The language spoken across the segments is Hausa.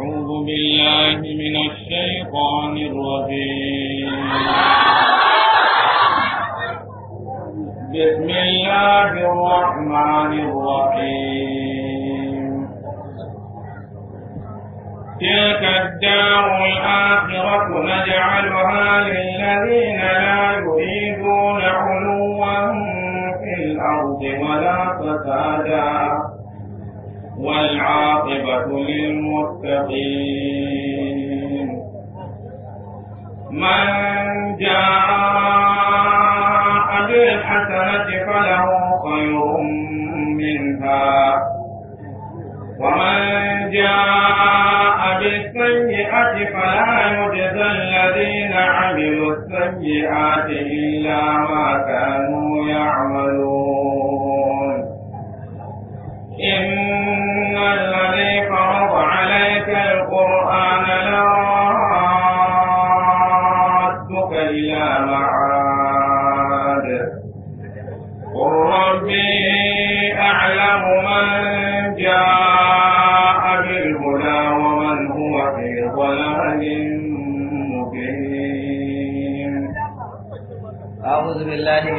أعوذ بالله من الشيطان الرجيم بسم الله الرحمن الرحيم تلك الدار الآخرة نجعلها للذين لا يريدون علوا في الأرض ولا فسادا والعاقبة للمتقين من جاء بالحسنة فله خير منها ومن جاء بالسيئة فلا يجزى الذين عملوا السيئات إلا ما كانوا يعملون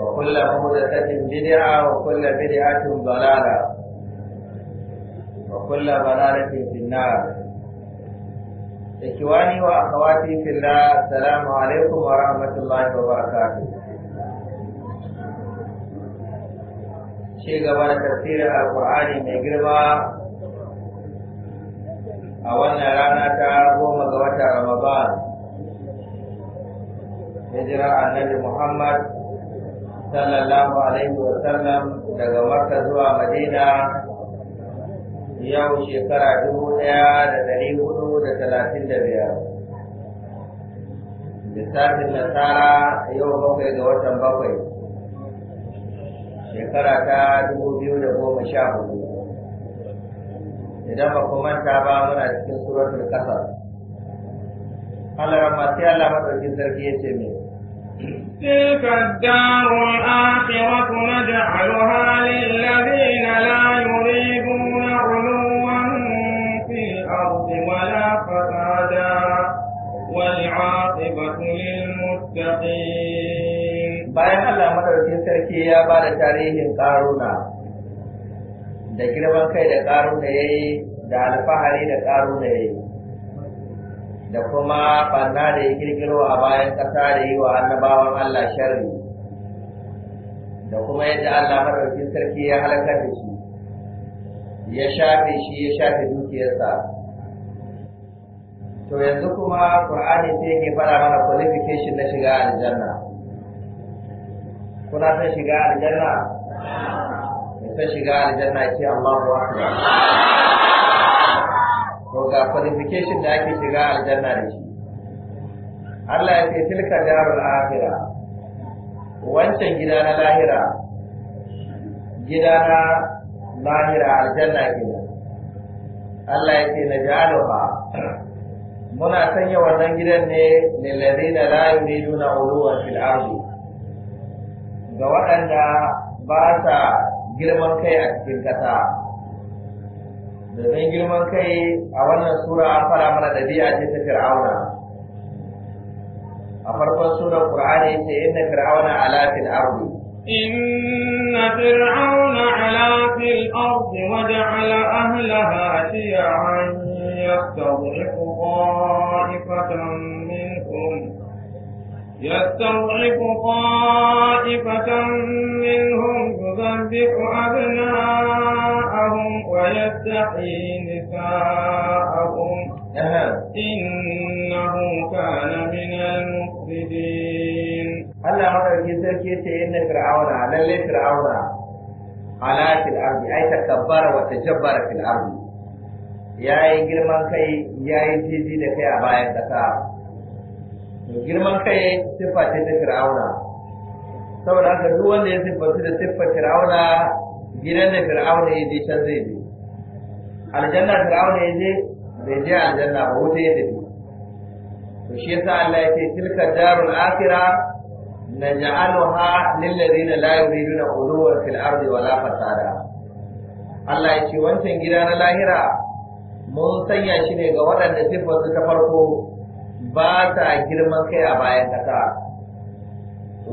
وكل محدثة بدعة وكل بدعة ضلالة وكل ضلالة في النار إخواني وأخواتي في الله السلام عليكم ورحمة الله وبركاته شيء قبل تفسير القرآن من قربة a wannan rana ta goma ga wata annabi Muhammad sallallahu alaihi wa daga Makka zuwa Madina yau shekara dubu ɗaya da ɗari hudu da talatin da biyar. Lissafin nasara yau bakwai ga watan bakwai shekara ta dubu biyu da goma sha hudu. Idan ba ku manta ba muna cikin suratul kasar. Allah rahmatu Allah madaukin sarki ya ce mai تلك الدار الآخرة نجعلها للذين لا يريدون علوا في الأرض ولا فسادا والعاقبة للمتقين bayan Allah madaukakin sarki ya ba da tarihin ƙaruna da girman kai da ƙaruna ya yi da alfahari da ƙaruna ya yi da kuma banna da ya kirkiro a bayan ƙasa da yi wa annabawan Allah sharri da kuma yadda Allah madaukakin sarki ya halakar da shi ya shafe shi ya shafe dukiyarsa to yanzu kuma Qur'ani sai yake fara mana qualification na shiga aljanna kuna son shiga aljanna sai shiga aljanna ke Allahu akbar qualification da ake shiga aljanna da shi Allah ya ce tilka darul akhira wancan gida na lahira gida na lahira aljanna gida Allah ya ce na muna sanya wannan gidan ne ladina la yuriduna uluwan fil ardi ga waɗanda ba sa girman kai a cikin ƙasa domin girman kai a wannan sura an fara mana dabi'a ce ta fir'auna a farkon surar qur'ani ce inna fir'auna ala fil ardi inna fir'auna ala fil ardi wa ja'ala ahlaha shi'an yastadhifu qa'ifatan minhum يستضعف طائفة منهم يذبح أبناءهم ويستحيي نساءهم إنه كان من المفسدين Allah sarki ce inna fir'auna lalle fir'auna ala fil ardi ai girman kai da kai a girman kai siffa ce ta fir'auna saboda haka duk wanda ya su da siffar fir'auna gidan da fir'auna ya je can zai bi aljanna fir'auna ya je bai je aljanna ba wuta ya tafi to shi yasa Allah ya ce tilka darul akhirah naj'aluha lil la yuriduna uluwan fil ardi wala fasada Allah ya ce wancan gida na lahira mun sanya shi ne ga waɗanda sifar ta farko ba ta girman kai a bayan kasa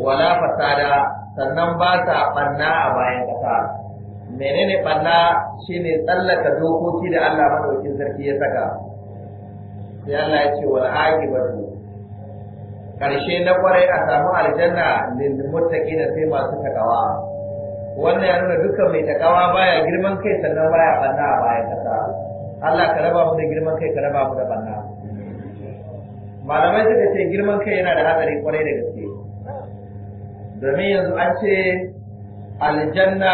wala fasada sannan ba ta ɓanna a bayan kasa menene banna shine tsallaka dokoki da Allah madaukin sarki ya saka sai Allah ya ce wal aqibatu karshe na kwarai a samu aljanna lil muttaqina sai masu takawa wannan ya nuna dukkan mai takawa baya girman kai sannan baya banna a baya kasa Allah ka raba mu da girman kai ka raba mu da banna malamai suka ce girman kai yana da hatsari kwarai da gaske domin yanzu an ce aljanna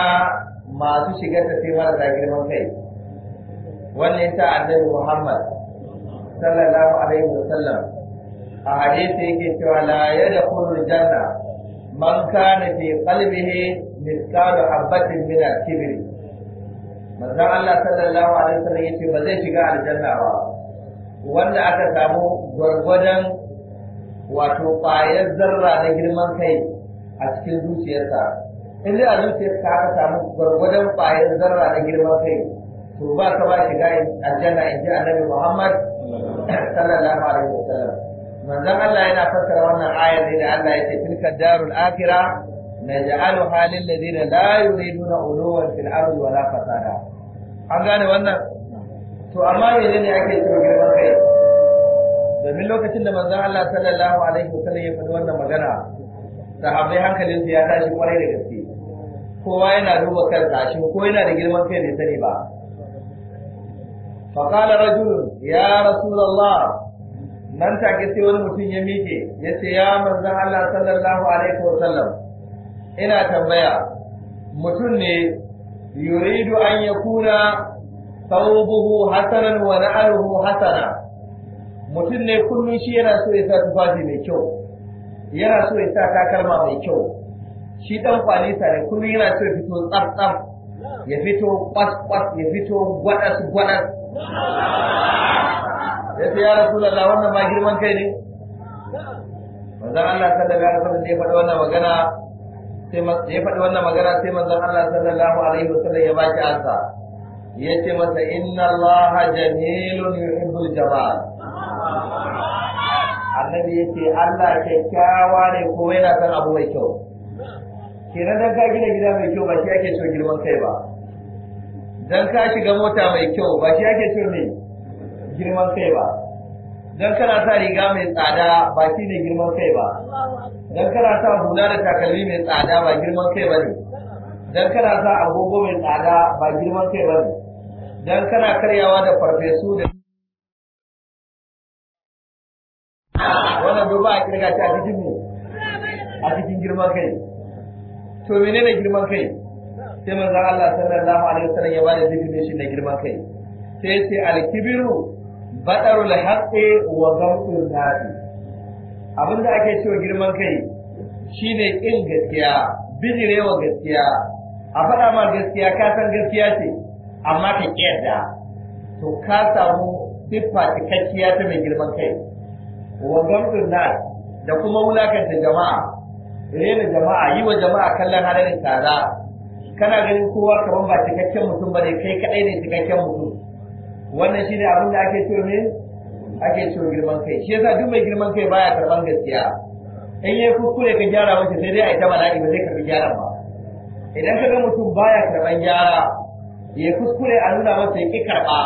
masu shigar da sai marasa girman kai wannan yasa annabi Muhammad sallallahu alaihi wa sallam. a hadisi yake cewa la yadkhulul janna man kana fi qalbihi mithqalu habatin min al-kibr manzo Allah sallallahu alaihi wa wasallam yace ba zai shiga aljanna ba wanda aka samu gwargwadon wato ƙwayar zarra na girman kai a cikin zuciyarsa in dai a ka aka samu gwargwadon ƙwayar zarra na girman kai to ba ka ba shiga aljanna in ji annabi Muhammad sallallahu alaihi wasallam manzon Allah yana fassara wannan ayar da Allah ya ce tilka darul akhirah naj'aluha lil ladina la yuriduna uluwan fil ardi wala fasada an gane wannan to amma menene ake cewa girman kai domin lokacin da manzon Allah sallallahu alaihi wasallam ya faɗi wannan magana sahabbai hankalin su ya tashi kwarai da gaske kowa yana duba kan shin ko yana da girman kai ne sani ba faqala rajul ya rasulullah nan take sai wani mutum ya miƙe ya ce ya manzan Allah sallallahu alaihi wa sallam ina tambaya mutum ne yuridu an yakuna thawbuhu hasanan wa na'aluhu hasana mutum ne kullum shi yana so ya sa tufafi mai kyau yana so ya sa takalma mai kyau shi dan kwali da kullum yana so ya fito tsaf ya fito kwas-kwas ya fito gwadas-gwadas ya ce ya rasu lalla wannan ba girman kai ne manzan Allah sallallahu alaihi wasallam ya faɗi wannan magana sai ya faɗi wannan magana sai manzan Allah sallallahu alaihi wasallam ya baki ansa ya ce masa inna Allah jamilun yuhibbul jamal annabi ya ce Allah kyakkyawa ne ko yana son abu mai kyau kenan dan ka gina gida mai kyau ba shi ake so girman kai ba dan ka shiga mota mai kyau ba shi ake so ne girman kai ba dan kana sa riga mai tsada ba shi ne girman kai ba dan kana sa hula da takalmi mai tsada ba girman kai ba ne dan kana sa agogo mai tsada ba girman kai ba ne dan kana karyawa da farfesu da ah, wannan duk ba a kirga ta a a cikin girman kai to menene girman kai sai manzon Allah sallallahu alaihi wasallam ya bada shi na girman kai sai ya ce al-kibru badarul haqqi wa ghamtul nadi abin da ake cewa girman kai shine kin gaskiya bidirewa gaskiya a faɗa ma gaskiya ka san gaskiya ce amma ka kiyarda to ka samu siffa cikakkiya ta mai girman kai wa ghamtul nadi da kuma wulakanta jama'a rena jama'a yi wa jama'a kallon halarin tsada, kana ganin kowa kaman ba cikakken mutum ba ne kai kadai ne cikakken mutum wannan shi ne abin da ake so ne ake so girman kai shi yasa duk mai girman kai baya karban gaskiya in yi kuskure ka gyara masa sai dai a ita bala'i ba zai karbi gyaran ba idan ka ga mutum baya karban gyara ya kuskure a nuna masa ya ki karba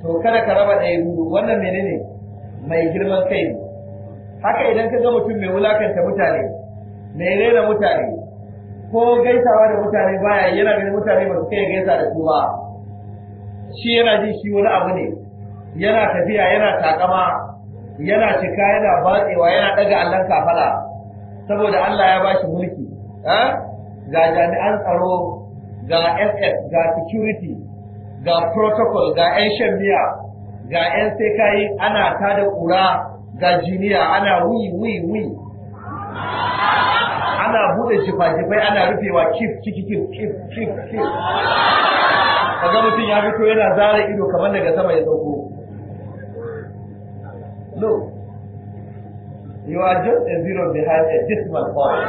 to kada ka raba ɗaya biyu wannan menene mai girman kai haka idan ka ga mutum mai wulakanta mutane mai da mutane ko gaisawa da mutane baya yana ganin mutane ba su kai gaisa da su ba shi yana ji shi wani abu ne yana tafiya yana takama yana cika yana batsewa yana daga allon kafala saboda Allah ya bashi mulki ga jami'an tsaro ga ss ga security ga protocol ga 'yan shan ga 'yan sai kayi ana tada kura ga jiniya ana wuyi wuyi wuyi ana buɗe shifa-shifai ana rufewa kif ciki kif kif kif kif kaga mutum ya fito yana zara ido kamar daga sama ya sauko no you are just a zero behind a decimal point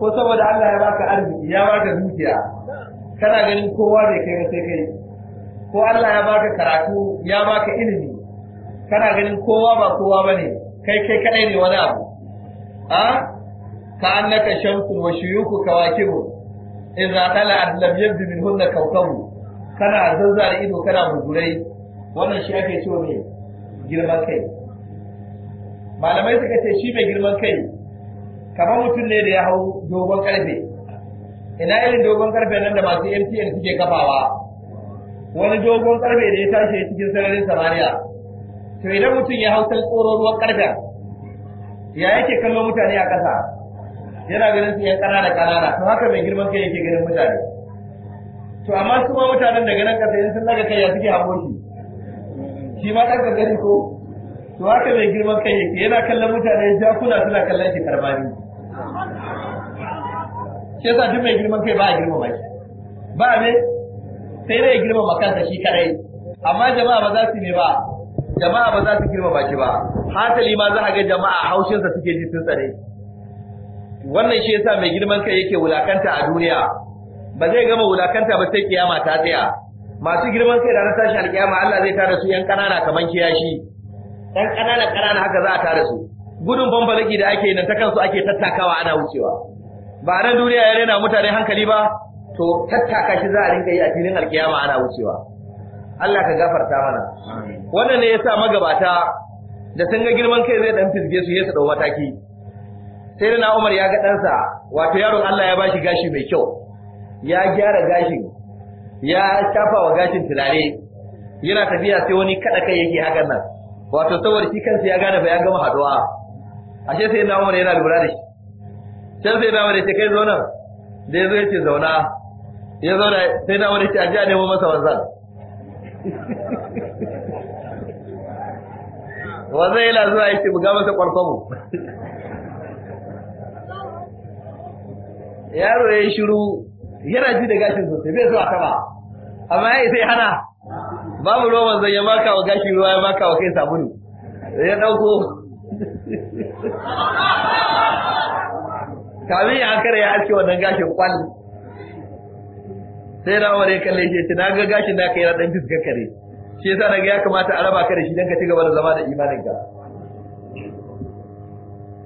ko saboda Allah ya baka arziki ya baka dukiya kana ganin kowa bai kai ba sai kai ko Allah ya baka karatu ya baka ilimi kana ganin kowa ba kowa bane kai kai kadai ne wani abu a ka annaka shamsun wa shuyuku kawakibu idza tala'at lam yabdu hunna kawkabu kana zazzara ido kana bugurai wannan shi ake cewa ne girman kai malamai suka ce shi mai girman kai kamar mutum ne da ya hau dogon karfe ina yin dogon karfe nan da masu MTN suke kafawa wani dogon karfe da ya tashi cikin sararin samaniya to idan mutum ya hau tsoro ruwan karfe ya yake kallo mutane a ƙasa yana ganin su kara ƙanana ƙanana to haka mai girman kai yake ganin mutane to amma su ma mutanen daga nan ƙasa in sun daga kai ya suke hango shi shi ma ɗan gani ko to haka mai girman kai yake yana kallon mutane jakuna suna kallon shi karbani shi yasa duk mai girman kai ba a girmama shi ba ne sai dai ya girmama kansa shi kadai amma jama'a ba za su ne ba jama'a ba za su ba shi ba hasali ma za a ga jama'a haushinsa suke ji sun tsare wannan shi yasa mai girman kai yake wulakanta a duniya ba zai gama wulakanta ba sai kiyama ta tsaya masu girman kai da na tashi alkiyama Allah zai tara su yan kanana kaman kiyashi yan kanana kanana haka za a tara su gudun bambalaki da ake na ta kansu ake tattakawa ana wucewa ba nan duniya ya rena mutane hankali ba to tattaka shi za a rinka yi a filin alkiyama ana wucewa Allah ka gafarta mana wannan ne yasa magabata da sun ga girman kai zai dan fisge su ya su dau mataki sai da Umar ya ga ɗansa wato yaron Allah ya bashi gashi mai kyau ya gyara gashin ya shafa wa gashin turare yana tafiya sai wani kada kai yake hakan nan wato saboda shi kansa ya gane ba ya gama haduwa ashe sai na Umar yana lura da shi can sai na Umar ya ce kai zo nan da ya zo ya ce zauna ya zauna sai na Umar ya ce a ji a nemo masa wanzan yi yana zuwa yake buga masa kwarkwabo yaro ya yi shiru yana ji da gashin sosai zai zuwa kama amma ya sai hana babu ruwan zai ya maka wa gashi ruwa ya maka wa kai sabulu ya ɗauko kamin ya hankara ya aske wannan gashin kwallon sai na ya kalle shi ce na ga gashin kai yana dan fiskar kare shi yasa ga ya kamata a raba ka da shi dan ka ci gaba da zama da imanin ka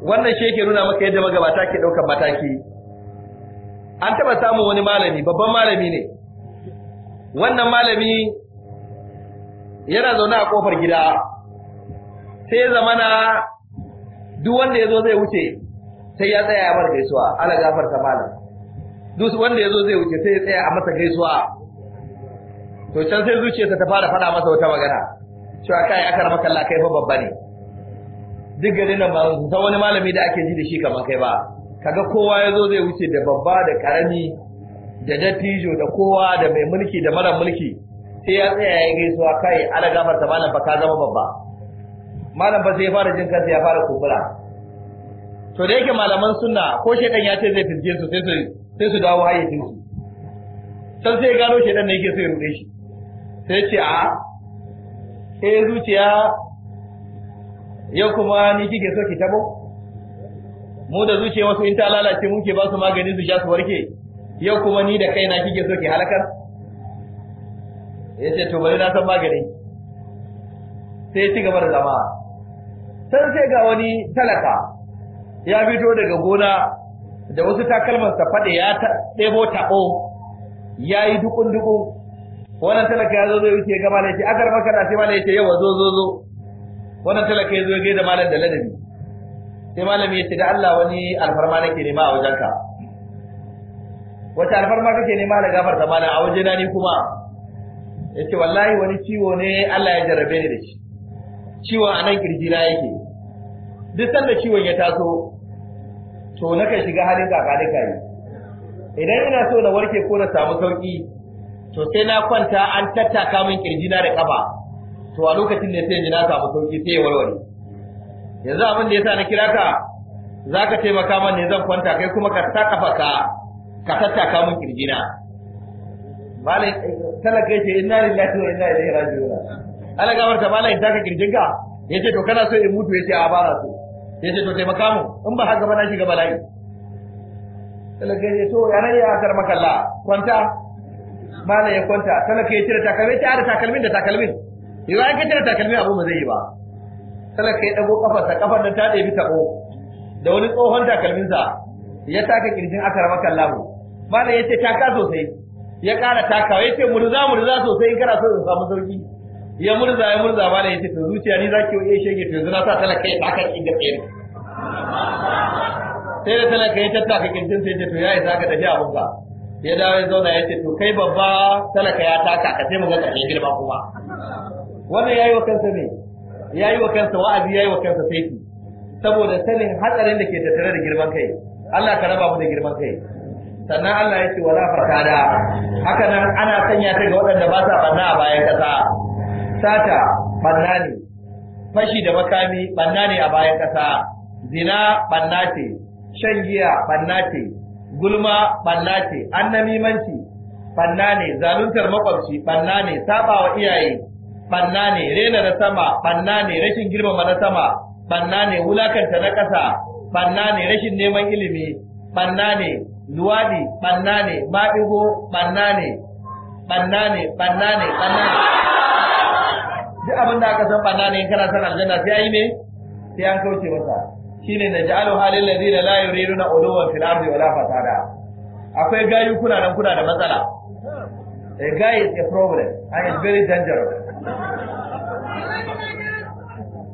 wannan shi yake nuna maka yadda magabata ke daukar mataki an taba samun wani malami babban malami ne wannan malami yana zaune a kofar gida sai ya zamana duk wanda ya zo zai wuce sai ya tsaya ya bar gaisuwa ala gafarta malam duk wanda ya zo zai wuce sai ya tsaya a masa gaisuwa to can sai zuciyarsa ta fara faɗa masa wata magana cewa kai aka rama kalla kai fa babba ne duk garin nan ba san wani malami da ake ji da shi kamar kai ba kaga kowa ya zo zai wuce da babba da karami da dattijo da kowa da mai mulki da mara mulki sai ya tsaya ya gaisuwa kai ala gafar ta malam ba ka zama babba malam ba sai ya fara jin kansa ya fara kumbura to da yake malaman sunna ko shedan ya ce zai fizge su sai su sai su dawo hayyacin su san sai gano shi dan ne yake sai ya rude shi sai ce a eh zuciya ya kuma ni kike so ki tabo mu da zuciya wasu in ta lalace muke ba su magani su sha su warke yau kuma ni da kaina kike so ki halakar ya ce to bari na san magani sai ci gaba da zama sai sai ga wani talaka ya fito daga gona da wasu sa faɗe ya debo taɓo ya yi dukun dukun wannan talaka ya zai wuce ga malai ce akar maka da sai malai ce yawa zo zo zo wannan talaka ya zo ya malam da ladabi sai malami ya ce da Allah wani alfarma nake nema a wajenka wata alfarma kake nema da gafarta malam a wajena ni kuma ya ce wallahi wani ciwo ne Allah ya jarrabe ni da shi ciwo a nan kirji na yake duk sanda ciwon ya taso to na kan shiga halin kakanika yi idan ina so na warke ko na samu sauki to sai na kwanta an tattaka min kirjina da kaba to a lokacin ne sai na samu sauki sai warware yanzu abin da yasa na kira ka zaka taimaka min ne zan kwanta kai kuma ka takafa ka ka tattaka min kirjina malai talaka yace inna lillahi wa inna ilaihi raji'un ala gabar ta malai zaka kirjinka yace to kana so in mutu yace a bara so sai ce to taimaka mu in ba haka ba na shiga bala'i talaka ya to ya rage akar makalla kwanta mala ya kwanta talaka ya cire takalmi ta da takalmin da takalmin yau ya cire takalmin abu ba zai yi ba talaka ya dago kafarsa kafar da ta ɗebi taɓo da wani tsohon takalmin sa ya taka kirjin akar makalla mu mala ya ce taka sosai ya ƙara takawa ya ce mu murza sosai in kana so in samu sauki ya murza ya murza ba da yace to zuciya ni zaki iya shege to yanzu na sa talaka ya taka kin gaske ne sai da talaka ya tattaka kirjin sai ce to yayi zaka tafi abun ba ya dawo ya zauna yace to kai babba talaka ya taka ka sai mu ga kake girma kuma wannan yayi wa kansa ne yayi wa kansa wa'azi yayi wa kansa saiti saboda sanin hatsarin da ke tattare da girman kai Allah ka raba mu da girman kai sannan Allah ya ce wala fasada haka nan ana sanya ta ga waɗanda ba sa banna a bayan kasa. sata banna ne fashi da makami banna ne a bayan ƙasa zina banna ce shan giya banna ce gulma banna ce annamimanci banna ne zaluntar makwabci banna ne wa iyaye banna ne rena na sama banna ne rashin girmama na sama banna ne wulakanta na ƙasa banna ne rashin neman ilimi banna ne luwadi banna ne maɗigo banna ne banna ne banna ne banna ne duk abin da aka san banna ne kana san aljanna sai yayi me sai an kauce masa shine ja'alu halil ladina la yuriduna uluwa fil ardi wala fasada akwai gayu kuna nan kuna da matsala a guy is a problem and it's very dangerous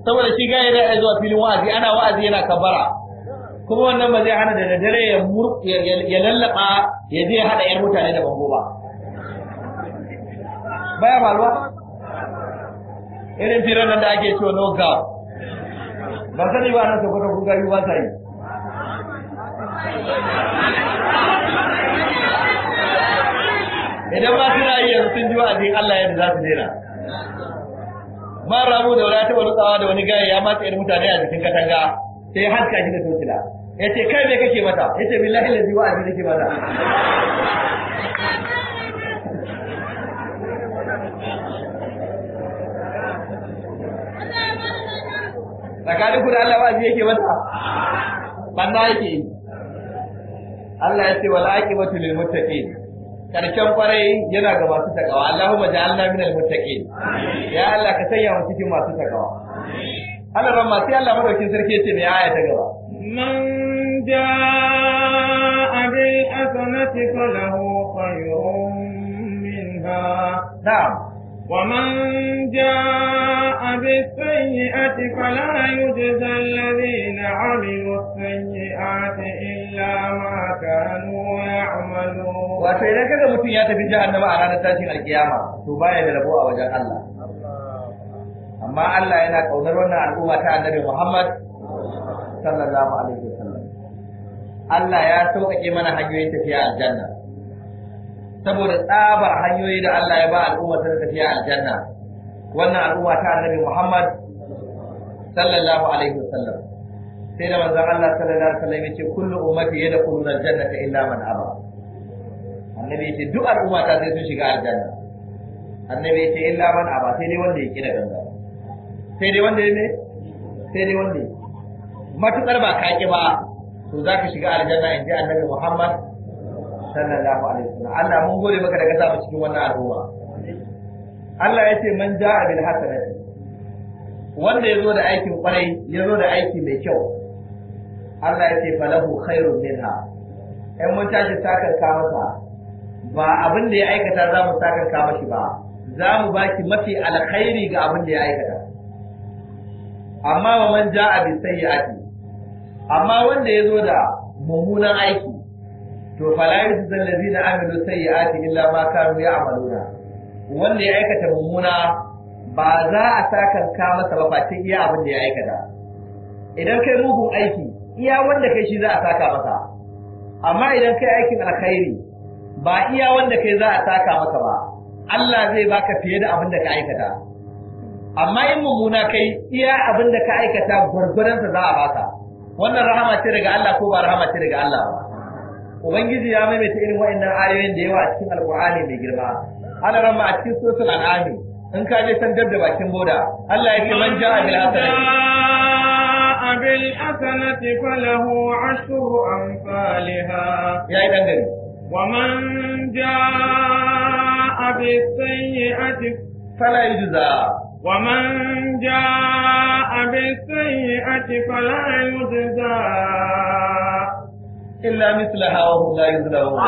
saboda shi gaya da ya zuwa filin wa'azi ana wa'azi yana kabara kuma wannan ba zai hana da dare ya ya lallaba ya je ya hada yar mutane da bango ba baya faruwa irin firar nan da ake cewa no gap ba sani ba nan saboda kun gari ba sai idan ba suna yi yanzu sun ji wa'azin Allah yadda za su dena ma ramu da wani tsawa da wani gaya ya matsa irin mutane a jikin katanga sai haska shi da tokila ya ce kai me kake mata ya ce billahi lazi wa'azi nake mata tsakanin ku da Allah wa'azi yake masa banna yake Allah ya ce wal aqibatu lil muttaqin karshen kwarai yana ga masu takawa Allahumma ja'alna minal muttaqin ya Allah ka sanya mu cikin masu takawa Allah ramma sai Allah madaukin sarki yace ne aya ta gaba man ja'a bil hasanati falahu khayrun minha na'am ومن جاء بالسيئة فلا يجزى الذين عملوا السيئات إلا ما كانوا يعملون wato idan kaga mutum ya tafi jahannama a ranar tashin alkiyama to baya da rabo a wajen Allah amma Allah yana kaunar wannan al'umma ta annabi Muhammad sallallahu alaihi wasallam Allah ya sauƙaƙe mana hanyoyin tafiya aljanna saboda tsabar hanyoyi da Allah ya ba al'umma ta tafiya aljanna wannan al'umma ta annabi Muhammad sallallahu alaihi wasallam sai da manzon Allah sallallahu alaihi wasallam yace kullu ummati yadkhulun aljannata illa man aba annabi yace duk al'umma ta sai sun shiga aljanna annabi yace illa man aba sai dai wanda ya kira ganga sai dai wanda ne sai dai wanda matukar ba kake ba to zaka shiga aljanna inji annabi Muhammad sallallahu alaihi wasallam Allah mun gode maka da kasa mu cikin wannan al'umma Allah ya ce man ja'a bil hasanati wanda ya zo da aikin kwarai ya zo da aiki mai kyau Allah ya ce falahu khairun minha in mun tashi sakarka masa ba abin da ya aikata za mu sakarka mashi ba za mu baki mafi alkhairi ga abin da ya aikata amma wa man ja'a bi sayyi'ati amma wanda ya zo da mummunan aiki to fala yajzal ladina amilu sayyi'ati illa ma kanu ya'maluna wanda ya aikata mummuna ba za a sa ka masa ba face iya abin da ya aikata idan kai ruhun aiki iya wanda kai shi za a saka masa amma idan kai aikin alkhairi ba iya wanda kai za a saka masa ba Allah zai baka fiye da abin da ka aikata amma in mummuna kai iya abin da ka aikata gwargwaransa za a baka wannan rahama ce daga Allah ko ba rahama ce daga Allah ba ubangiji ya maimaita irin wa'annan ayoyin da yawa a cikin alqur'ani mai girma ana ramma a cikin suratul an'am in ka je san da bakin boda Allah ya ce man ja'a bil hasanati bil hasanati falahu ashru amsalha ya yi dan gari wa man ja'a bis sayyi'ati fala yujza wa man ja'a bis sayyi'ati fala yujza إلا مثلها وهم لا يظلمون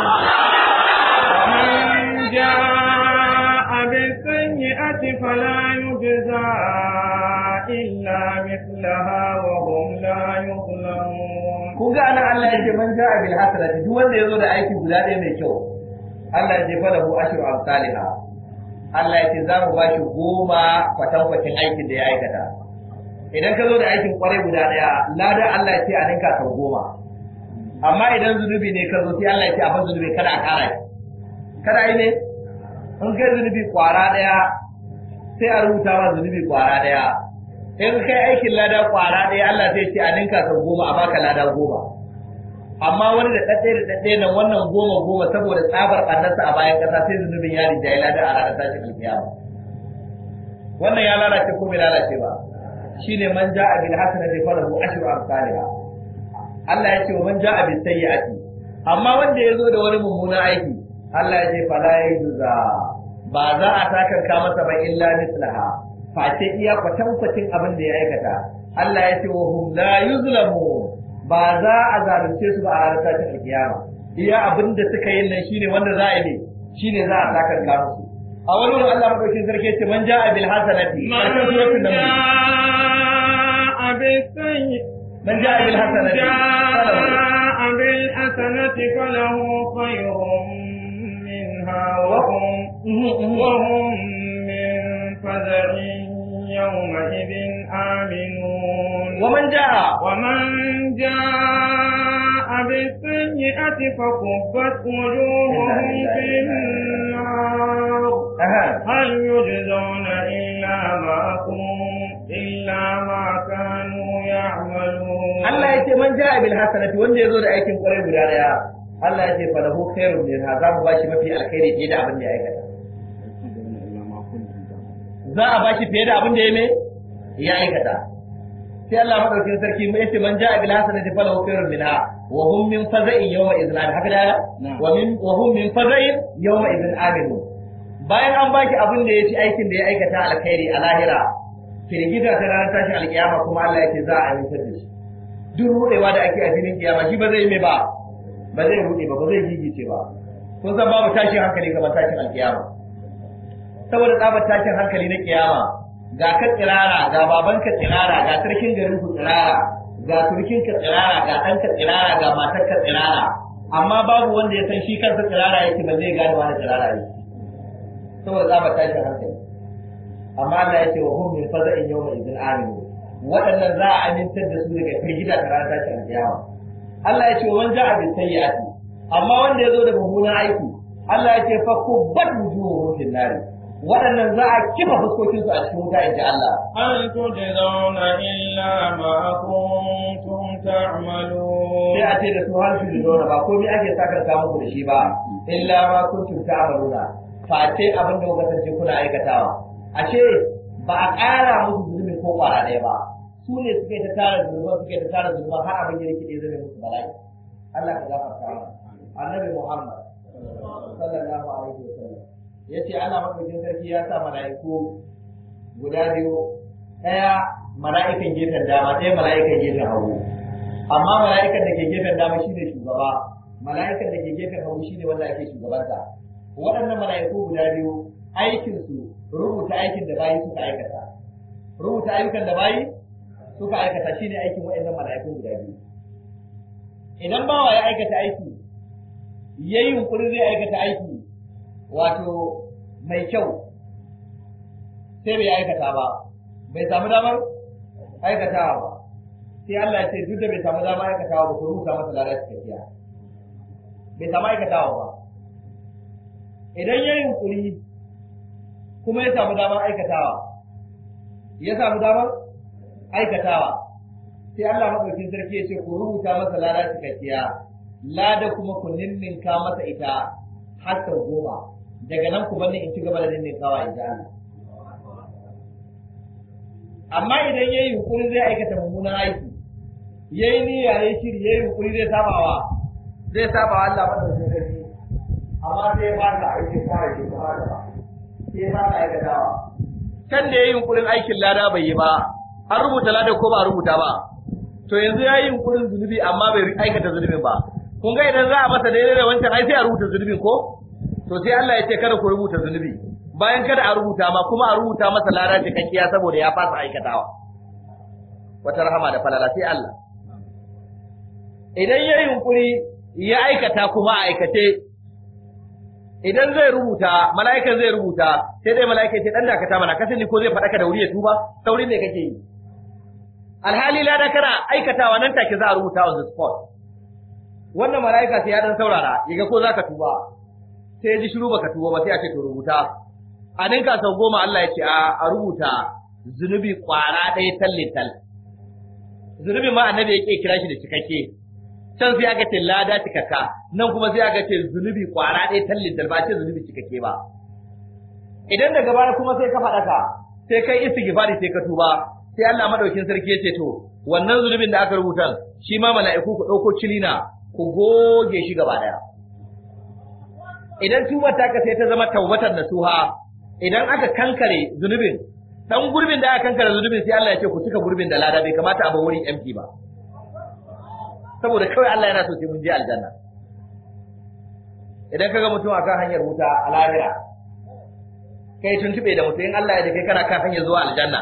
من جاء بالسيئة فلا يجزى إلا مثلها وهم لا يظلمون كنت أنا ana Allah yake man ja'a bil hasanati duk wanda yazo da aiki guda ɗaya mai kyau Allah ya Allah ya ce za mu ba shi goma kwatankwacin aikin da ya aikata idan ka zo da aikin kwarai guda ɗaya lada Allah ya ce a ninka sau goma amma idan zunubi ne ka zo sai Allah ya ce a zunubi kada a kara shi kada yi ne in kai zunubi kwara daya sai a rubuta ma zunubi kwara daya in kai aikin lada kwara daya Allah zai ce a ninka sau goma a baka lada goma amma wani da ɗaɗɗe da ɗaɗɗe nan wannan goma goma saboda tsabar ƙannarsa a bayan ƙasa sai zunubin ya ya lada a ranar tashin alkiyama wannan ya lalace ko bai lalace ba shine man ja'a bil da falahu ashru amsalha Allah ya ce wa man ja'a bi sayyi'ati amma wanda ya zo da wani mummunan aiki Allah ya ce fala yajza ba za a takarka masa ba illa mislaha face iya kwatankwacin abin da ya aikata Allah ya ce wa hum la yuzlamu ba za a zalunce su ba a ranar tashin alkiyama iya abin da suka yi nan shine wanda za a yi shine za a takarka musu a wani wurin Allah madaukakin sarki ya ce man ja'a bil hasanati man ja'a bil sayyi'ati من جاء بالحسنة جاء بالحسنة فله خير منها وهم وهم من فزع يومئذ آمنون ومن جاء ومن جاء بالسيئة فكبت وجوههم في النار هل يجزون إلا ما كنتم Allah إلا ما كانوا يعملون الله hasanati wanda ya zo da aikin أيكم guda daya. Allah ya ce fa lahu khairun minha za mu bashi mafi alkhairi fiye da abin da ya aikata za a bashi fiye da abin da ya me ya aikata sai Allah madaukakin sarki mai ce man ja'a bil hasanati fa lahu khairun minha wa hum min faza'in yawma idhin haka da wa min wa hum min faza'in yawma idhin aminu bayan an baki abin da ya ci aikin da ya aikata alkhairi a lahira firgida ta ranar tashi alkiyama kuma Allah yake za a amintar da shi duk rudewa da ake a filin kiyama shi ba zai mai ba ba zai rude ba ba zai gigice ba kun san babu tashin hankali kamar tashin alkiyama saboda tsabar tashin hankali na kiyama ga ka tsirara ga baban ka tsirara ga sarkin garin ku tsirara ga turkin ka tsirara ga ɗan ka tsirara ga matar ka tsirara amma babu wanda ya san shi kansa tsirara yake ba zai gane wani tsirara yake saboda tsabar tashin hankali amma Allah ya ce wa hum min faza'in yawma idin aminu waɗannan za a amintar da su daga firgita da ranar tashin alƙiyama Allah ya ce wa man ja'a bi sayyi'ati amma wanda ya zo da mummunan aiki Allah ya ce fa kubbat wujuhuhum fil nar waɗannan za a kifa fuskokinsu a cikin wuta inji Allah an tujzauna illa ma kuntum ta'malun sai a ce da su har su zauna ba komai ake sakar ka muku da shi ba illa ma kuntum ta'maluna fa ce abin da kuka sace kuna aikatawa A ce ba a ƙara musu zunubin ko ƙwara ɗaya ba su ne suka yi ta tara zunuban suka yi ta tara zunuban har abin ya rikide zai musu bala'i Allah ka gafarta mana annabi Muhammad sallallahu alaihi wa sallam yace Allah madaukakin sarki ya sa mala'iku guda biyu ɗaya mala'ikan gefen dama ɗaya mala'ikan gefen hagu amma mala'ikan da ke gefen dama shine shugaba mala'ikan da ke gefen hagu shine wanda ake shugabanta waɗannan mala'iku guda biyu aikin rubuta aikin da bayi suka aikata rubuta ayyukan da bayi suka aikata shine aikin waɗannan mala'iku guda biyu idan bawa ya aikata aiki yayi yunkurin zai aikata aiki wato mai kyau sai bai aikata ba bai samu damar aikatawa ba sai Allah ya ce duk da bai samu damar aikatawa ba ko rubuta masa lalata tafiya bai samu aikatawa ba idan ya yunkuri kuma ya samu damar aikatawa ya samu damar aikatawa sai Allah madaukakin sarki ya ce ku rubuta masa lada cikakkiya lada kuma ku ninninka masa ita har sau goma daga nan ku bani in ci gaba da ninninkawa in ji amma idan ya yi hukuri zai aikata mummunan aiki ya yi niyya ya yi shiri ya yi hukuri zai sabawa zai sabawa Allah ba da sarki amma sai ya fara aiki fara shi ba sai ba kan da ya yi yunkurin aikin lada bai yi ba an rubuta lada ko ba a rubuta ba to yanzu ya yi yunkurin zunubi amma bai aikata zunubin ba kun ga idan za a masa daidai da wancan ai sai a rubuta zunubin ko to sai Allah ya ce kada ku rubuta zunubi bayan kada a rubuta ma kuma a rubuta masa lada cikakkiya saboda ya fasa aikatawa wata rahama da falala sai Allah idan ya yunkuri ya aikata kuma a aikace idan zai rubuta malaika zai rubuta sai dai mala'ika sai dan dakata mana kasan ni ko zai fada ka da wuri ya tuba saurin ne kake yi alhali lada kana aikatawa nan take za a rubuta on the wannan mala'ika sai ya dan saurara yaga ko zaka tuba sai ya ji shiru baka tuba ba sai a ce to rubuta a ninka sau goma Allah ya ce a rubuta zunubi kwara ɗaya tallital zunubi ma annabi yake kira shi da cikakke can sai aka ce lada cikakka nan kuma sai aka ce zunubi kwara ɗaya da ba ce zunubi cikakke ba idan daga baya kuma sai ka ka sai kai istighfari sai ka tuba sai Allah madaukin sarki ya ce to wannan zunubin da aka rubuta shi ma mala'iku ku ɗauko cilina ku goge shi gaba ɗaya idan tubar ta ka sai ta zama taubatar suha idan aka kankare zunubin dan gurbin da aka kankare zunubin sai Allah ya ce ku cika gurbin da lada bai kamata a ba wurin MP ba saboda kawai Allah yana so sai mun je aljanna idan kaga mutum akan hanyar wuta a lafiya kai tuntube da mutum in Allah ya da kai kana kan hanyar zuwa aljanna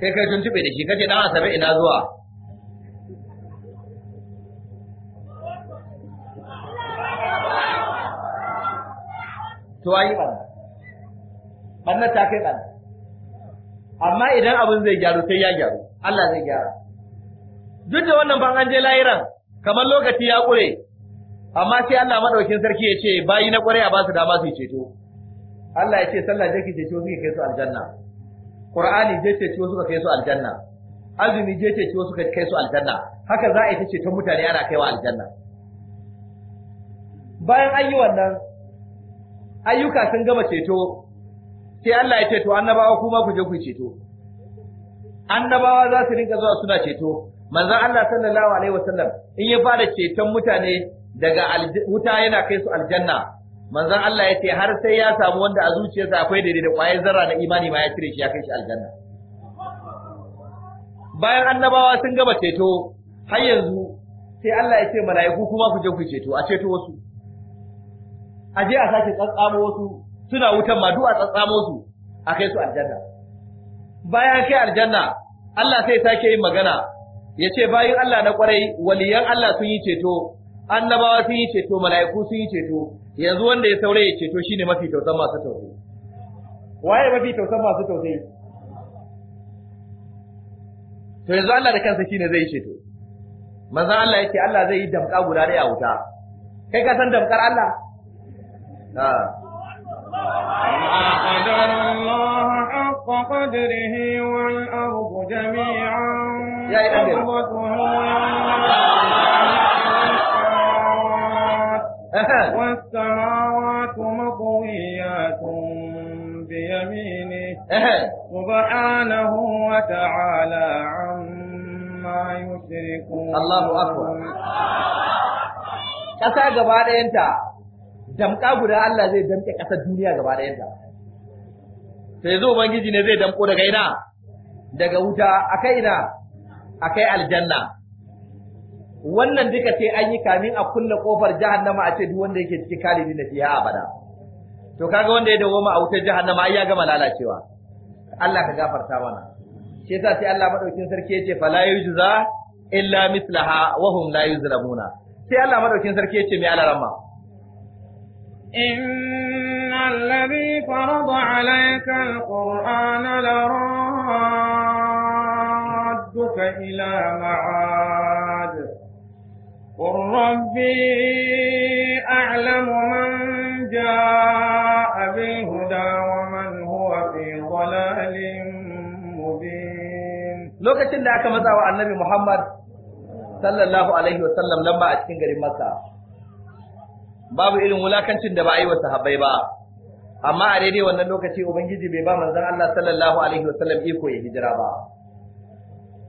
kai kai tuntube da shi kace dan asabe ina zuwa to ayi ban banna ta kai ban amma idan abin zai gyaru sai ya gyaru Allah zai gyara duk da wannan ba an je lahiran kamar lokaci ya ƙure amma sai Allah madaukin sarki ya ce bayi na ƙure a ba su dama su ceto Allah ya ce sallah je ki ceto suka kai su aljanna Qur'ani je ceto suka kai su aljanna azumi je ceto suka kai su aljanna haka za a yi ta ceton mutane ana kaiwa aljanna bayan an yi wannan ayyuka sun gama ceto sai Allah ya ce to annabawa kuma ku je ku ceto annabawa za su rinka zuwa suna ceto Manzan Allah sallallahu alaihi wasallam in ya fara ceton mutane daga wuta yana kai su aljanna manzan Allah ya ce har sai ya samu wanda a zuciyarsa akwai daidai da ƙwayar zarra na imani ma ya cire shi ya kai shi aljanna bayan annabawa sun gaba ceto har yanzu sai Allah ya ce mala'iku kuma ku je ku ceto a ceto wasu a je a sake tsatsamo wasu suna wutan ma du'a tsatsamo su a kai su aljanna bayan kai aljanna Allah sai sake yin magana ya ce bayin Allah na kwarai waliyan Allah sun yi ceto annabawa sun yi ceto mala'iku sun yi ceto yanzu wanda ya saurayi ceto shine mafi tausan masu tausayi waye mafi tausan masu tausayi to yanzu Allah da kansa shine zai ceto manzon Allah yake Allah zai yi damƙa guda ɗaya a wuta kai ka san damƙar Allah قدر الله حق قدره والأرض جميعا ya yi ɗan والسماوات مطويات بيمينه سبحانه وتعالى عما يشركون الله أكبر ƙasa gaba ɗayanta damƙa guda Allah zai damƙe ƙasar duniya gaba ɗayanta sai zo Ubangiji ne zai damƙo daga ina daga wuta akai ina akai aljanna wannan duka sai an yi kamin a kulle kofar jahannama a ce duk wanda yake cikin kalibi da fiya abada to kaga wanda ya dawo ma a wutar jahannama ai ya gama lalacewa Allah ka gafarta mana shi yasa sai Allah madaukin sarki yace fala yujza illa mislaha wa hum la yuzlamuna sai Allah madaukin sarki yace mai alarama ladhi الذي فرض عليك القرآن لراد إلى معاد قل ربي أعلم من جاء بالهدى ومن هو في ضلال مبين da aka matsa wa annabi Muhammad sallallahu alaihi wa sallam a cikin garin Makka babu irin wulakancin da ba a yi wa sahabbai ba amma a daidai wannan lokaci ubangiji bai ba manzon Allah sallallahu alaihi iko ya hijira ba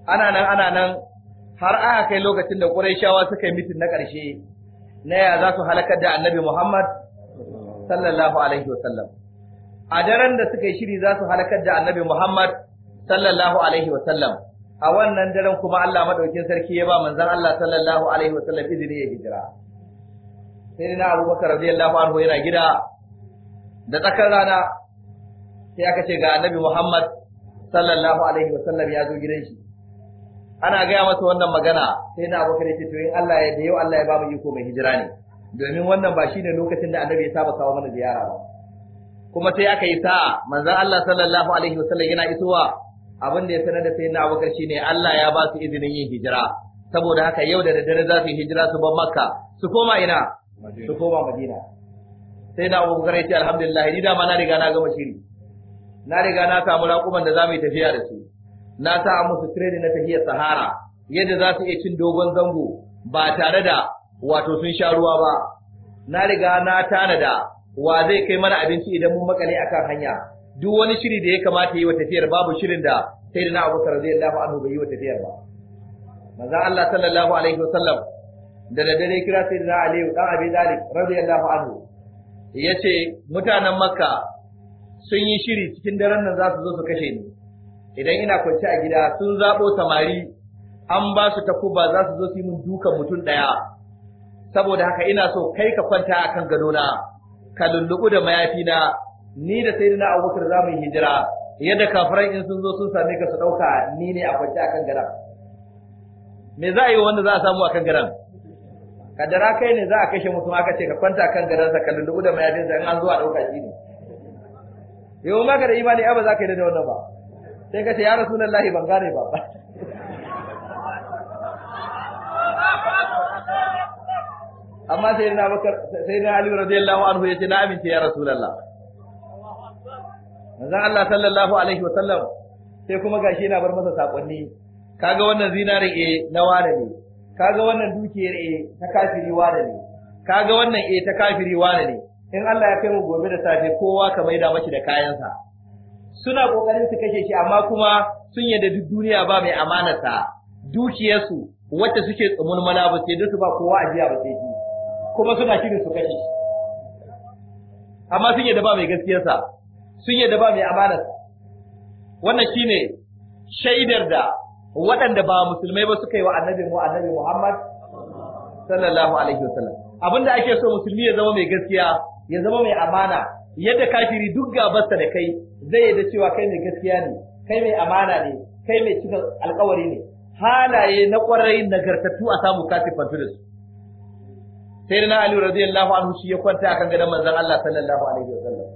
ana nan ana nan har aka kai lokacin da Qurayshawa suka yi mitin na ƙarshe na ya za su halakar da Annabi Muhammad sallallahu alaihi wasallam a daren da suka yi shiri za su halakar da Annabi Muhammad sallallahu alaihi wasallam a wannan daren kuma Allah madaukin sarki ya ba manzon Allah sallallahu alaihi wasallam izini ya hijira sai na Abubakar radiyallahu anhu yana gida da tsakar rana sai aka ce ga Annabi Muhammad sallallahu alaihi wasallam ya zo gidan shi ana gaya masa wannan magana sai na abokan yake to in Allah ya yau Allah ya ba mu iko mai hijira ne domin wannan ba shine lokacin da annabi ya saba kawo mana ziyara ba kuma sai aka yi sa'a manzon Allah sallallahu alaihi wasallam yana isowa abin da ya sanar da sayyidina Abubakar shine Allah ya ba su izinin yin hijira saboda haka yau da daddare za su yi hijira su bar Makka su koma ina su koma Madina sai na Abubakar ya ce alhamdulillah ni da ma na riga na gama shiri na riga na samu raƙuman da za mu yi tafiya da su na sa musu training na tahiyar sahara yadda za su iya cin dogon zango ba tare da wato sun sha ruwa ba na riga na tanada wa zai kai mana abinci idan mun makale akan hanya duk wani shiri da ya kamata yi wa tafiyar babu shirin da sai da na Abu Bakar radiyallahu anhu bai yi wa tafiyar ba maza Allah sallallahu alaihi wasallam da da dare kira sai da Ali dan Abi Talib radiyallahu anhu yace mutanen Makka sun yi shiri cikin daren nan za su zo su kashe ni idan ina kwance a gida sun zaɓo samari an ba su takuba za su zo su yi min dukan mutum ɗaya saboda haka ina so kai ka kwanta a kan gadona ka lulluɓu da mayafi na, ni da sai na abubakar za mu yi hijira yadda kafiran in sun zo sun same ka su ɗauka ni ne a kwance a kan garan. me za a yi wanda za a samu a kan garan? kadara kai ne za a kashe mutum aka ce ka kwanta a kan garansa, ka lulluɓu da mayafinsa in an zo a ɗauka shi ne yau ma ka da imani ba za ka yi da wannan ba sai ka ce ya rasulullahi ban gane ba amma sai na bakar sai na ali radiyallahu anhu yace na amince ya rasulullah manzon Allah sallallahu alaihi wa sallam sai kuma gashi yana bar masa sakonni kaga wannan zinari eh na ware ne kaga wannan dukiyar eh ta kafiri ware ne kaga wannan eh ta kafiri ware ne in Allah ya kai mu gobe da safe kowa ka maida maki da kayansa suna kokarin su kashe shi amma kuma sun yadda duk duniya ba mai amanata dukiyarsu wacce suke tsumulmala ba sai su ba kowa ajiya ba sai shi kuma suna shirin su kashe shi amma sun yadda ba mai gaskiyarsa sun yadda ba mai amanata. wannan shine shaidar da waɗanda ba musulmai ba suka yi wa annabi mu annabi Muhammad sallallahu alaihi wasallam abinda ake so musulmi ya zama mai gaskiya ya zama mai amana yadda kafiri duk gabarsa da kai zai yadda cewa kai mai gaskiya ne kai mai amana ne kai mai cika alkawari ne halaye na kwarai nagartattu a samu kafin da su sai na Ali radiyallahu anhu shi ya kwanta akan gadon manzon Allah sallallahu alaihi wasallam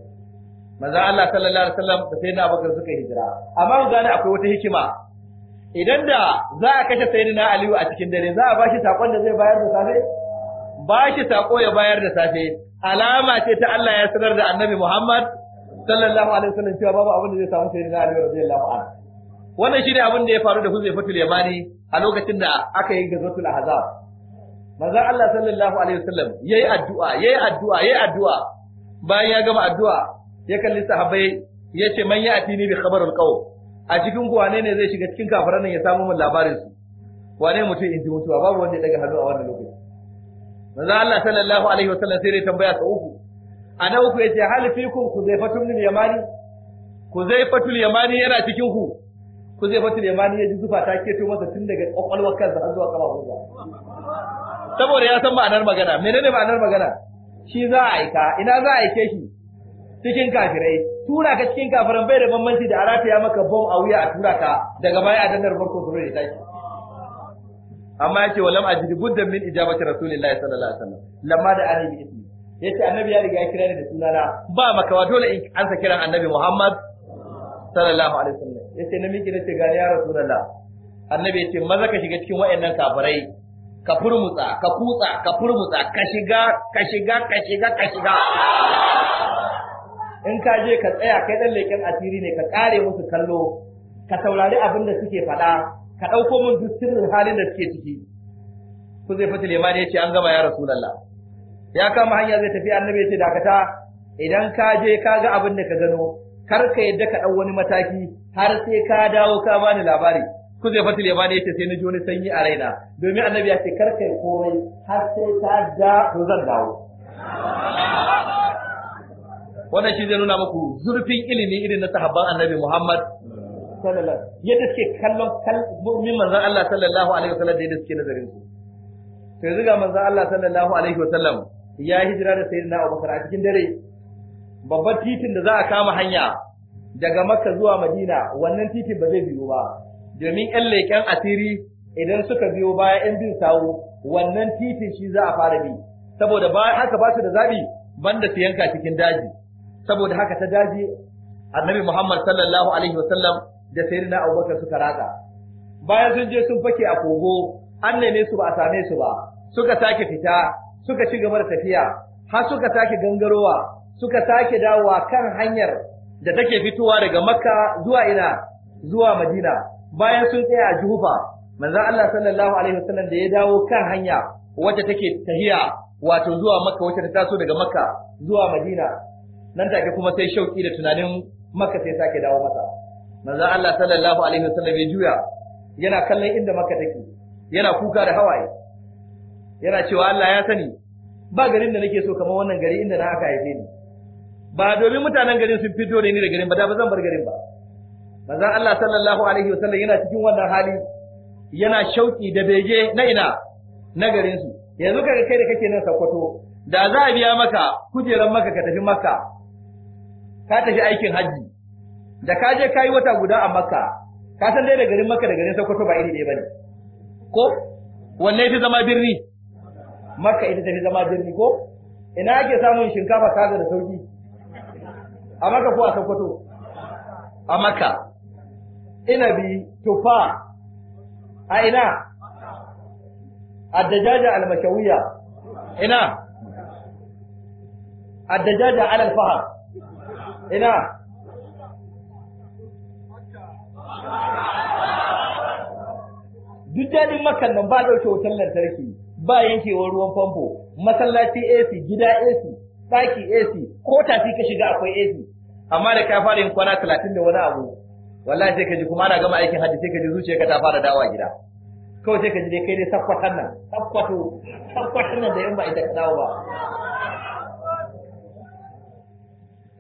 manzon Allah sallallahu alaihi wasallam da sai na Abubakar suka hijira amma mun gane akwai wata hikima idan da za a kashe sayyidina Ali a cikin dare za a bashi sakon da zai bayar da safe ba shi sako ya bayar da safe alama ce ta Allah ya sanar da Annabi Muhammad sallallahu alaihi wasallam cewa babu abin da zai samu sai na Ali radiyallahu anhu wannan shine abin da ya faru da tul Yamani a lokacin da aka yi gazatul ahzab manzon Allah sallallahu alaihi wasallam yayi addu'a yayi addu'a yayi addu'a bayan ya gama addu'a ya kalli sahabbai ya ce man ya'tini bi khabarul qawm a cikin ku wane ne zai shiga cikin kafiran ya samu mun labarin su wane mutum in ji mutuwa babu wanda ya daga hannu a wannan lokaci manzo Allah sallallahu alaihi wasallam sai ya tambaya ta uku ana uku yace hal fikum kuzaifatun min yamani Ku zai kuzaifatul yamani yana cikin ku zai kuzaifatul yamani ya ji zufa ta keto masa tun daga kwakwalwar kan har zuwa kafafun saboda ya san ma'anar magana menene ma'anar magana shi za a aika ina za a aike shi cikin kafirai tura ka cikin kafiran bai da bambanci da arafiya ya maka bom a wuya a tura ka daga baya a dannar farko su ne tashi amma yake walam ajidu budda min ijabati rasulillahi sallallahu alaihi wasallam lamma da alibi ismi yace annabi ya riga ya kira ni da sunana ba makawa dole in ansa kiran annabi Muhammad sallallahu alaihi wasallam yace na miki nace ga ya rasulullah annabi yace maza ka shiga cikin wayannan kafirai ka furmutsa ka kutsa ka furmutsa ka shiga ka shiga ka shiga ka shiga in ka je ka tsaya kai dan leken asiri ne ka kare musu kallo ka saurari abin da suke faɗa ka ɗauko min duk sirrin halin da suke ciki ku zai fata limani ya ce an gama ya rasu lalla. ya kama hanya zai tafi annabi ya ce dakata idan ka je ka ga abin da ka gano kar ka yadda ka ɗau wani mataki har sai ka dawo ka bani labari ku zai fata ne ya ce sai na ji wani sanyi a raina domin annabi ya ce kar ka yi komai har sai ka da ku zan dawo wannan shi zai nuna muku zurfin ilimi irin na sahabban annabi Muhammad sallallahu yadda suke kallon mu'min manzon Allah sallallahu alaihi wasallam da yadda suke nazarin su yanzu ga manzon Allah sallallahu alaihi wasallam ya hijira da sayyidina Abubakar a cikin dare babban titin da za a kama hanya daga Makka zuwa Madina wannan titin ba zai biyo ba domin ƴan leƙen asiri idan suka biyo baya ƴan bin sawu wannan titin shi za a fara bi saboda ba haka ba su da zabi banda su yanka cikin daji saboda haka ta daji annabi Muhammad sallallahu alaihi wasallam da na Abubakar suka ratsa bayan sun je sun fake a kogo an neme su ba a same su ba suka sake fita suka ci gaba da tafiya har suka sake gangarowa suka sake dawowa kan hanyar da take fitowa daga Makka zuwa ina zuwa Madina bayan sun tsaya a Jufa manzon Allah sallallahu alaihi wasallam da ya dawo kan hanya wacce take tahiya wato zuwa Makka wacce ta taso daga Makka zuwa Madina nan take kuma sai shauki da tunanin Makka sai sake dawo masa manzo Allah sallallahu alaihi wasallam ya juya yana kallon inda Makka take yana kuka da hawaye yana cewa Allah ya sani ba garin da nake so kamar wannan gari inda na haka haife ni ba domin mutanen garin sun fito da ni da garin ba da ba zan bar garin ba manzo Allah sallallahu alaihi wasallam yana cikin wannan hali yana shauki da bege na ina na garin su yanzu kaga kai da kake nan Sokoto da za a biya maka kujeran maka ka tafi Makka ka tafi aikin hajji da ka je kai wata guda a Makka ka san dai da garin Makka da garin Sokoto ba iri ne bane ko wanne ita zama birni Makka ita ta zama birni ko ina ake samun shinkafa kaza da sauki a Makka ko a Sokoto a Makka Ina bi tufa a ina addajaja almashawiya ina addajaja alal fahar ina duk daɗin makan nan ba ɗauke wutar lantarki ba yankewar ruwan famfo masallaci AC gida AC ɗaki AC ko tafi ka shiga akwai AC amma da ka fara yin kwana talatin da wani abu wallahi sai ka ji kuma ana gama aikin hajji sai ka ji zuciyarka ta fara dawa gida kawai sai ka ji dai kai dai sakkwatan nan sakkwato sakkwatan nan da yan ba ita ka dawo ba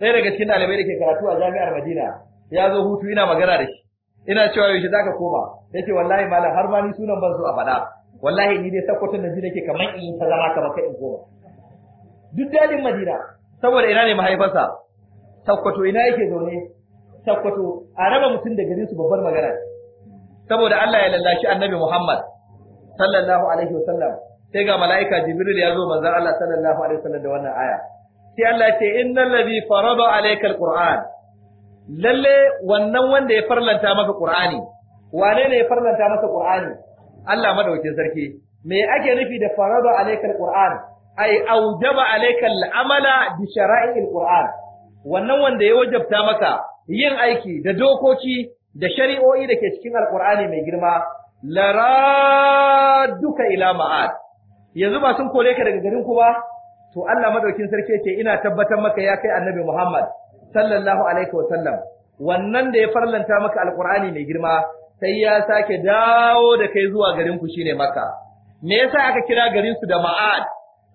ɗaya daga cikin ɗalibai da ke karatu a jami'ar Madina ya zo hutu ina magana da shi ina cewa yaushe zaka koma yace wallahi malam har ma ni sunan ban so a faɗa wallahi ni dai sakwatan da nake kamar in ta zama kamar kai in koma duk dalin madina saboda ina ne mahaifarsa sakwato ina yake zaune sakwato a raba mutum da garin su babbar magana saboda Allah ya lallashi annabi Muhammad sallallahu alaihi wasallam sai ga mala'ika Jibril ya zo manzon Allah sallallahu alaihi wasallam da wannan aya sai Allah ya ce innal ladhi farada alayka alquran lalle wannan wanda ya farlanta maka Qur'ani wane ne ya farlanta maka Qur'ani Allah madaukin sarki me ake nufi da farada alaikal Qur'an ai aujaba alaikal amala bi shara'il Qur'an wannan wanda ya wajabta maka yin aiki da dokoki da shari'o'i da ke cikin Alƙur'ani mai girma laraduka ila ma'ad yanzu ba sun kore ka daga garin ku ba to Allah madaukin sarki ce ina tabbatar maka ya kai Annabi Muhammad sallallahu alaihi wa sallam wannan da ya farlanta maka alqur'ani mai girma sai ya sake dawo da kai zuwa garin ku shine makka me yasa aka kira garin su da ma'ad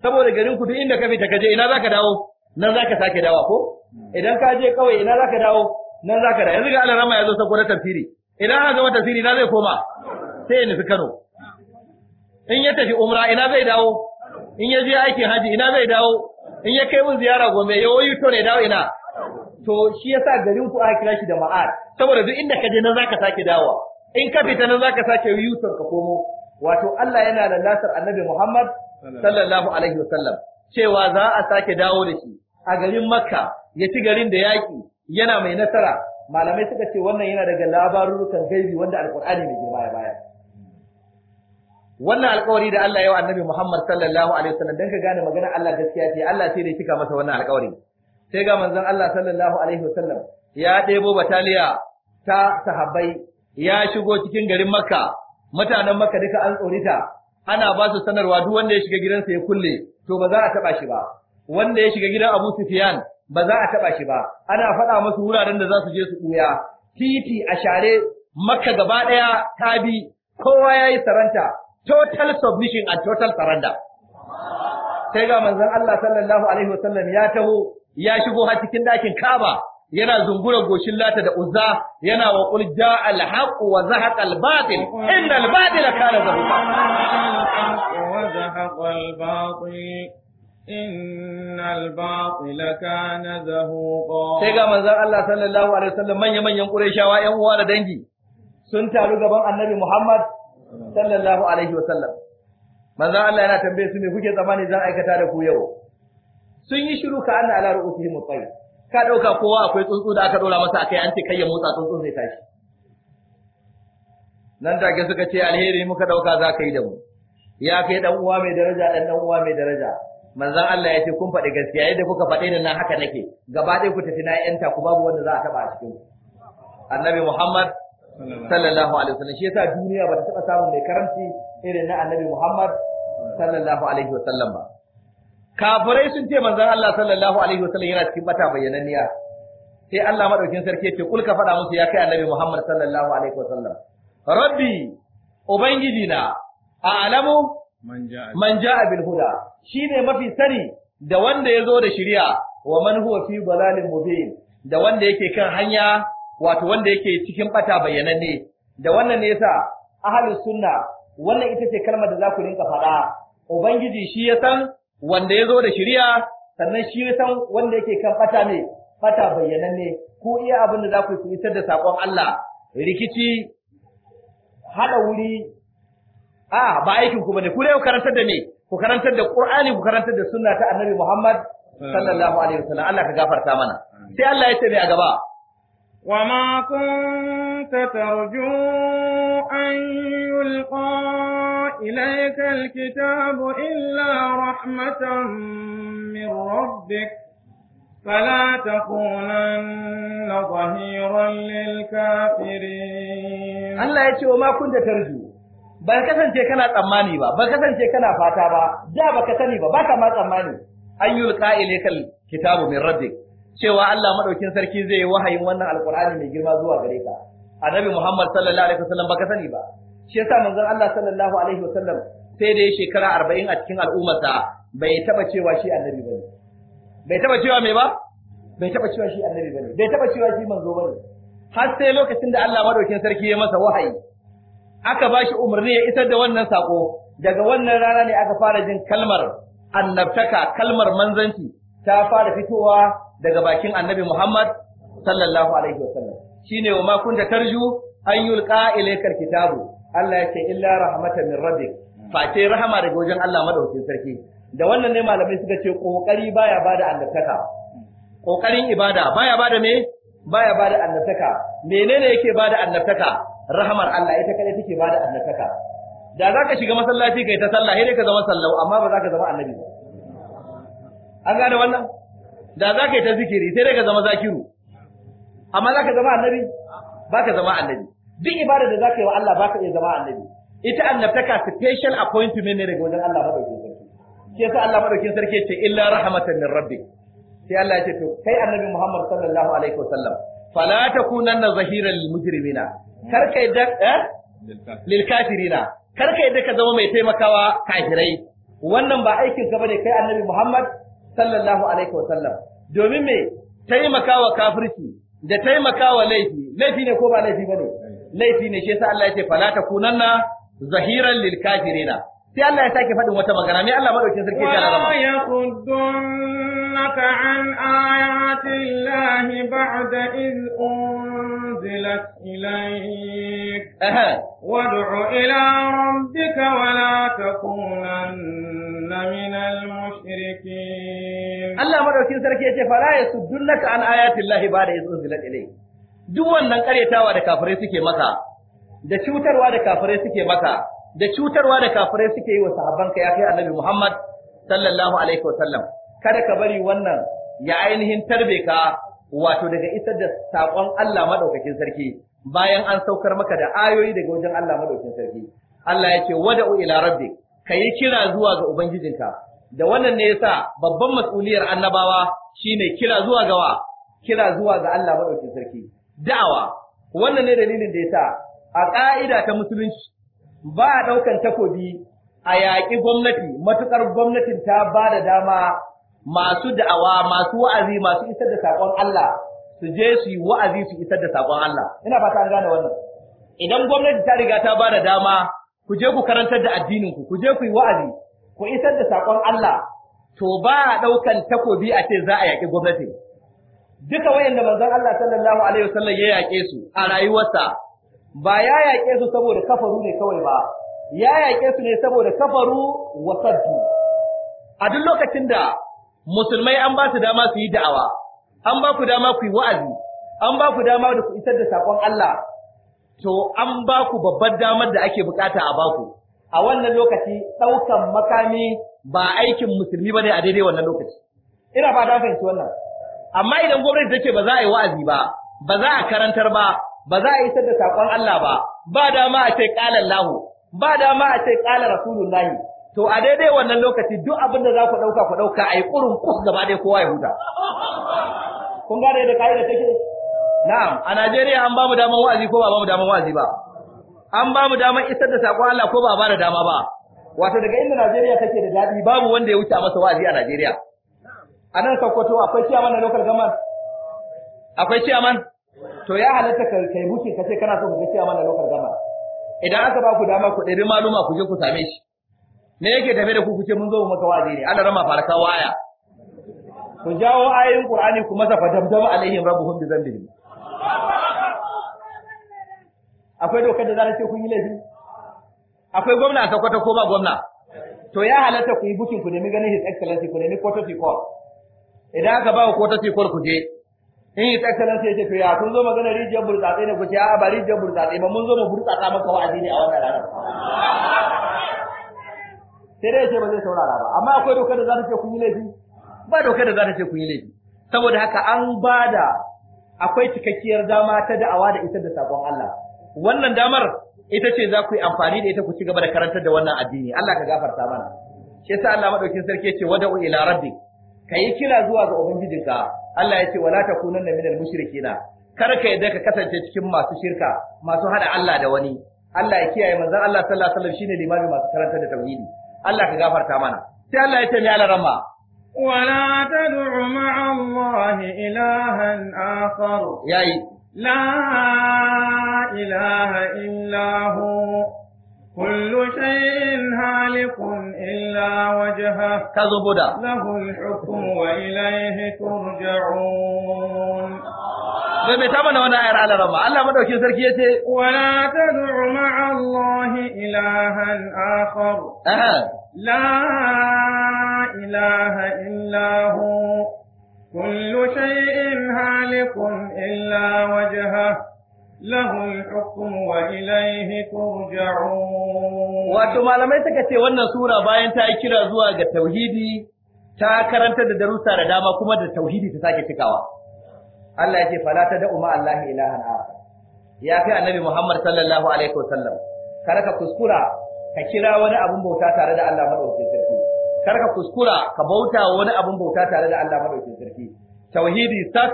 saboda garin ku duk inda ka fita ka je ina zaka dawo nan zaka sake dawo? ko idan ka je kawai ina zaka dawo nan zaka dawo yanzu ga Allah rama yazo sako na tafsiri idan aka gama tafsiri na zai koma sai ya nufi Kano in ya tafi umra ina zai dawo in ya je aikin haji ina zai dawo in ya kai mun ziyara gombe ya to ne dawo ina to shi yasa garin ku aka kira shi da ma'ad saboda duk inda ka je nan zaka sake dawo, in ka fita nan zaka sake yusuf ka komo wato Allah yana da lasar Annabi Muhammad sallallahu alaihi wasallam cewa za a sake dawo da shi a garin Makka ya ci garin da yaki yana mai nasara malamai suka ce wannan yana daga labarurukan gaibi wanda alqur'ani mai girma ya baya wannan alƙawari da Allah ya wa Annabi Muhammad sallallahu alaihi wasallam dan ka gane magana Allah gaskiya ce Allah sai da kika masa wannan alƙawari sai ga manzon Allah sallallahu alaihi wasallam ya ɗebo bataliya ta sahabbai ya shigo cikin garin Makka mutanen Makka duka an tsorita ana ba su sanarwa duk wanda ya shiga gidansa ya kulle to ba za a taba shi ba wanda ya shiga gidan Abu Sufyan ba za a taba shi ba ana faɗa musu wuraren da za su je su ɓuya titi a share Makka gaba ɗaya ta bi kowa ya yi saranta total submission and total surrender sai ga manzon Allah sallallahu alaihi wasallam ya taho ya shigo har cikin ɗakin Kaba yana zungura goshin lata da uzza yana wa qul ja'a al haqq wa zahaqa al-batil inna al-batila kana zahuqa wa zahaqa al-batil inna al-batila kana zahuqa sai ga manzon Allah sallallahu alaihi wasallam manyan manyan Qurayshawa ƴan uwa da dangi sun taru gaban Annabi Muhammad sallallahu alaihi wasallam manzon Allah yana tambaye su me kuke tsammani zan aikata da ku yau sun yi shiru ka anna ala ru'usihim at mutai ka dauka kowa akwai tsuntsu da aka dora masa akai an ce kai ya motsa tsuntsun zai tashi nan ga suka ce alheri muka dauka za ka yi da mu ya kai dan uwa mai daraja dan dan uwa mai daraja manzon Allah ya ce kun faɗi gaskiya yadda kuka faɗi nan haka nake gaba ɗaya ku tafi na yanta ku babu wanda za a taba a cikin annabi Muhammad sallallahu alaihi wasallam shi yasa duniya ba ta taba samun mai karamci irin na annabi Muhammad sallallahu alaihi wasallam ba kafirai sun ce manzon Allah sallallahu alaihi wasallam yana cikin bata bayyananniya sai Allah madaukin sarki yake kulka faɗa musu ya kai annabi Muhammad sallallahu alaihi wasallam rabbi ubangiji na a'lamu man ja'a bil huda shine mafi sani da wanda ya zo da shari'a wa man huwa fi dalalin mubin da wanda yake kan hanya wato wanda yake cikin bata bayyananne da wannan ne yasa ahlus sunna wannan ita ce kalmar da za ku rinka faɗa ubangiji shi ya san wanda ya zo da shirya sannan shi san wanda yake kan fata ne fata ne, ko iya abin da za ku isa da sakon Allah rikici hada wuri a ba aikin ku bane ku ne ku karantar da me ku karantar da Qur'ani ku karantar da sunna ta Annabi Muhammad sallallahu alaihi wasallam Allah ka gafarta mana sai Allah ya ce mai a gaba وما كنت ترجو أن يلقى إليك الكتاب إلا رحمة من ربك فلا تكونن ظهيرا للكافرين الله يتي وما كنت ترجو ban kasance kana tsammani ba ban kasance kana fata ba ja baka sani ba baka ma tsammani an yulqa ilaykal kitabu min cewa Allah madaukin sarki zai yi wahayin wannan alqur'ani mai girma zuwa gare ka annabi Muhammad sallallahu alaihi wasallam baka sani ba shi yasa manzon Allah sallallahu alaihi wasallam sai da ya shekara 40 a cikin al'ummarsa bai taba cewa shi annabi bane bai taba cewa me ba bai taba cewa shi annabi bane bai taba cewa shi manzo bane har sai lokacin da Allah madaukin sarki ya masa wahayi aka bashi umarni ya isar da wannan sako daga wannan rana ne aka fara jin kalmar annabtaka kalmar manzanci ta fara fitowa daga bakin annabi Muhammad sallallahu alaihi wa Shi shine wa ma kunta tarju an yulqa ilaykal kitabu Allah yake illa rahmatan min rabbik fa ce rahama daga wajen Allah madaukin sarki da wannan ne malamai suka ce kokari baya bada annabtaka kokarin ibada baya bada me baya bada annabtaka menene yake bada annabtaka rahamar Allah ita kadai take bada annabtaka da zaka shiga masallaci kai ta sallah sai ka zama sallau amma ba za ka zama annabi ba an gane wannan da za ka yi ta zikiri sai dai ka zama zakiru amma za ka zama annabi ba ka zama annabi duk ibada da za ka yi wa Allah ba ka iya zama annabi ita annabtaka special appointment ne daga wajen Allah madaukakin sarki shi yasa Allah madaukakin sarki ce illa rahmatan min rabbik sai Allah ya ce to kai annabi Muhammad sallallahu alaihi wasallam fala takunanna zahiran lil mujrimina kar kai da eh lil kafirina kar kai da ka zama mai taimakawa kafirai wannan ba aikin ka bane kai annabi Muhammad sallallahu alaihi wasallam domin me taimakawa kafirci da taimakawa laifi laifi ne ko ba laifi bane laifi ne shi yasa Allah yake fala takunanna zahiran lil kafirina sai Allah ya sake faɗin wata magana me Allah madaukin sarki ya rama ya yakuddunaka an ayati llahi ba'da iz unzilat ilayk wad'u ila rabbika wa la takunanna minal mushrikin Allah madaukin sarki ya ce fala yasuddunaka an ayati llahi ba'da iz unzilat ilayk duk wannan karyatawa da kafirai suke maka da cutarwa da kafirai suke maka da cutarwa da kafirai suke yi wa sahabbanka ya kai annabi Muhammad sallallahu alaihi wasallam kada ka bari wannan ya ainihin tarbe ka wato daga isar da sakon Allah madaukakin sarki bayan an saukar maka da ayoyi daga wajen Allah madaukakin sarki Allah ya ce wada'u ila rabbik kayi kira zuwa ga ubangijinka da wannan ne yasa babban mas'uliyar annabawa shine kira zuwa ga wa kira zuwa ga Allah madaukakin sarki da'awa wannan ne dalilin da yasa a ka'ida ta musulunci ba a ɗaukan takobi a yaƙi gwamnati matuƙar gwamnatin ta ba da dama masu da'awa masu wa'azi masu isar da saƙon Allah su je su yi wa'azi su isar da saƙon Allah ina fata an gane wannan idan gwamnati ta riga ta ba da dama ku je ku karantar da addinin ku ku je ku yi wa'azi ku isar da saƙon Allah to ba a ɗaukan takobi a ce za a yaƙi gwamnati duka wayanda manzon Allah sallallahu alaihi wasallam ya yaƙe su a rayuwarsa ba ya yaƙe su saboda kafaru ne kawai ba ya yaƙe su ne saboda kafaru wa a duk lokacin da musulmai an ba su dama su yi da'awa an ba ku dama ku yi wa'azi an ba ku dama da ku isar da saƙon Allah to an ba ku babbar damar da ake bukata a baku a wannan lokaci ɗaukan makami ba aikin musulmi bane a daidai wannan lokaci ina ba da fahimci wannan amma idan gwamnati take ba za a yi wa'azi ba ba za a karantar ba ba za a isar da sakon Allah ba ba dama a ce qala Allah ba dama a ce qala rasulullahi to a daidai wannan lokaci duk abin da za ku dauka ku dauka ai kurun kus gaba dai kowa ya huta kun gane da kaida take na'am a Najeriya an ba mu daman wa'azi ko ba ba mu daman wa'azi ba an ba mu daman isar da sakon Allah ko ba ba da dama ba wato daga inda Najeriya take da dadi babu wanda ya wuce masa wa'azi a Najeriya a nan Sokoto akwai ciyaman na local government akwai ciyaman to ya halatta ka kai bukin ka ce kana so ka gaskiya mana lokar gaba idan aka ba ku dama ku ɗari maluma ku je ku same shi me yake tafe da ku ku ce mun zo mu maka wazi ne Allah rama farka waya ku jawo ayoyin Qur'ani ku masa fadamdama alaihim rabbuhum bi dhanbihim akwai dokar da za ta ce kun yi laifi akwai gwamna a Sokoto ko ba gwamna to ya halatta ku yi bukin ku nemi ganin his excellency ku nemi quarter to idan aka ba ku quarter to ku je in yi tsakanin sai ya ce to ya kun zo magana rijiyar burtsatse ne ku ce a ba rijiyar burtsatse ba mun zo mu burtsatsa maka wa'azi ne a wannan ranar sai dai ya ce ba zai saurara ba amma akwai dokar da za ta ce kun yi laifi ba dokar da za ta ce kun yi laifi saboda haka an bada akwai cikakkiyar dama ta da'awa da isar da sakon Allah wannan damar ita ce za ku yi amfani da ita ku ci gaba da karantar da wannan addini Allah ka gafarta mana shi yasa Allah madaukin sarki ce wada'u ila rabbi kai kira zuwa ga ubangijinka Allah ya ce wala takunanna minal mushrikina kar ka yadda ka kasance cikin masu shirka masu hada Allah da wani Allah ya kiyaye manzon Allah sallallahu alaihi wasallam shine limami masu karanta da tauhidi Allah ka gafarta mana sai Allah ya ce mai alarama ولا تدع مع الله إلها آخر ياي لا إله إلا هو كل شيء هالك إلا وجهه كذبدا له الحكم وإليه ترجعون bai bai taba wani ayar alaran ba Allah madaukin sarki ya ce wala tad'u ma'a ilahan akhar la ilaha kullu shay'in halikun illa له الحكم وإليه ترجعون wato malamai suka ce wannan sura bayan ta yi kira zuwa ga tauhidi ta karanta da darussa da dama kuma da tauhidi ta sake cikawa Allah ya ce fala ta da umma Allah ilahan akhar ya fi annabi Muhammad sallallahu alaihi wasallam kar ka kuskura ka kira wani abun bauta tare da Allah madaukakin sarki kar ka kuskura ka bauta wani abun bauta tare da Allah madaukakin sarki tauhidi sak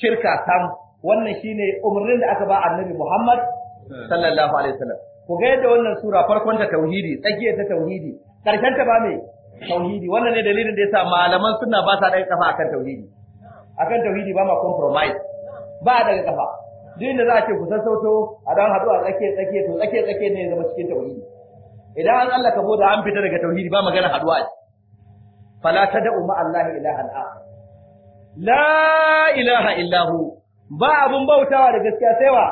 shirka sam wannan shine umarnin da aka ba annabi Muhammad sallallahu alaihi wasallam ku ga yadda wannan sura farkon ta tauhidi tsakiyar ta tauhidi karshen ta ba me tauhidi wannan ne dalilin da yasa malaman suna ba sa daga kafa akan tauhidi akan tauhidi ba ma compromise ba daga kafa duk da za a ce ku sauto a dan haɗu a tsakiya tsakiya to tsakiya tsakiya ne ya zama cikin tauhidi idan an Allah ka da an fita daga tauhidi ba magana haɗuwa ce fala tad'u ma Allah ilahan akhar la ilaha illahu ba abun bautawa da gaskiya sai wa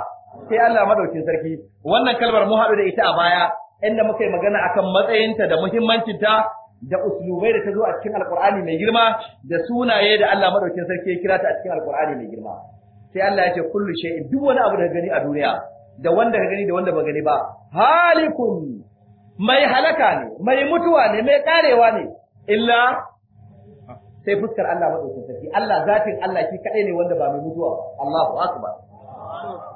sai Allah madaukin sarki wannan kalmar mu haɗu da ita a baya inda muka yi magana akan matsayinta da muhimmancinta da uslubai da ta zo a cikin alqur'ani mai girma da sunaye da Allah madaukin sarki ya kira ta a cikin alqur'ani mai girma sai Allah ya ce kullu shay'in duk wani abu da ka gani a duniya da wanda ka gani da wanda ba gani ba halikun mai halaka ne mai mutuwa ne mai karewa ne illa sai fuskar Allah madaukin sarki Allah zatin Allah shi kadai ne wanda ba mai mutuwa Allahu akbar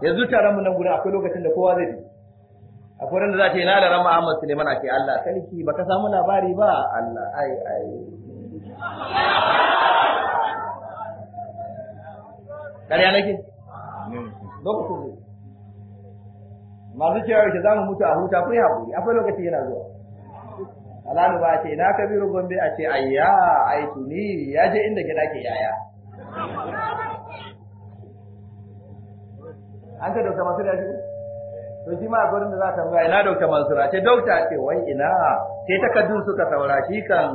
yanzu tare mu nan guda akwai lokacin da kowa zai bi akwai ran da za ta yi lalaran Muhammad Suleiman ake Allah sarki baka samu labari ba Allah ai ai Ƙarya nake? Lokacin zai. Masu cewa yake za mu mutu a huta kun haƙuri, akwai lokaci yana zuwa. alanu ba ce ina kabiru gombe a ce ayya ai tuni ya je inda gida ke yaya an ka dauka masu da shi to shi ma gurin da za ta ruwa ina dauka mansur a ce dauka ce wai ina sai takaddun suka saura shi kan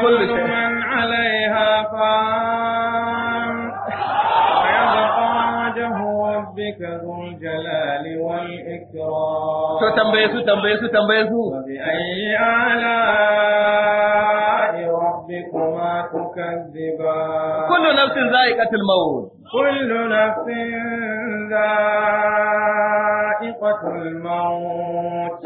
kullu man alaiha fa ربك ذو الجلال والإكرام تو تنبيسو تنبيسو تنبيسو فبأي آلاء ربكما تكذبان كل نفس ذائقة الموت كل نفس ذائقة الموت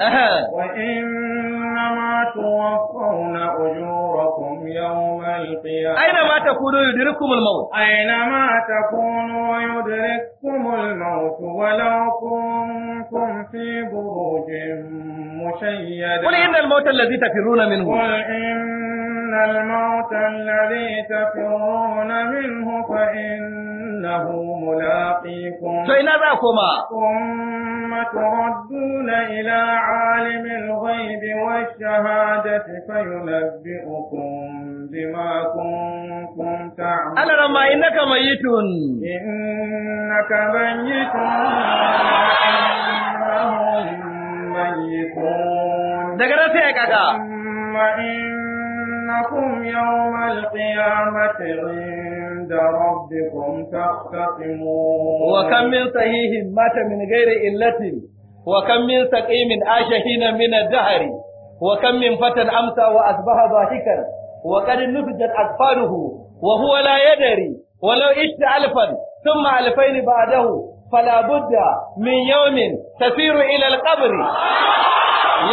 وإنما توفون أجوركم يوم القيامة أينما تكونوا يدرككم الموت أينما تكونوا يدرككم الموت ولو كنتم في بروج مشيدة قل إن الموت الذي تفرون منه قل إن الموت الذي تفرون منه فإنه ملاقيكم ثم تردون إلى عالم الغيب والشهادة فينبئكم bima kunkun ta. Allah na ma inna ka mai yitun. Inna ka ban yitun. Daga nan ya kaka. Ma inna kun yau malƙiya da rabbi kun taɓa Wa kan min sahihin mata min gairi illatin. Wa kan min saƙi min ashahina min dahari. Wa kan min fatan amsa wa asbaha kan. wa qad nufijat asfaruhu wa huwa la yadri walau ishta alfan thumma alfayn ba'dahu fala budda min yawmin tafiru ila alqabr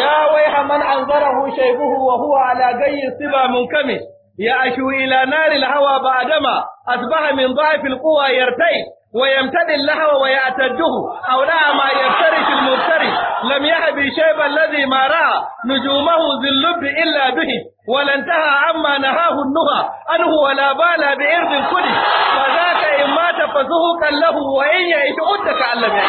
ya wayha man anzarahu shaybuhu wa huwa ala gayyi siba munkamish ya ashu ila nari alhawa ba'dama asbaha min dha'fi alquwa yartai ويمتد اللهو ويعتده أو لا ما يفترش المفترش لم يهبي شيبا الذي ما رأى نجومه ذي اللب إلا به ولا انتهى عما نهاه النهى أنه ولا بال بإرض كله فذاك إن مات فزهقا له وإن يعيش أدك أن لم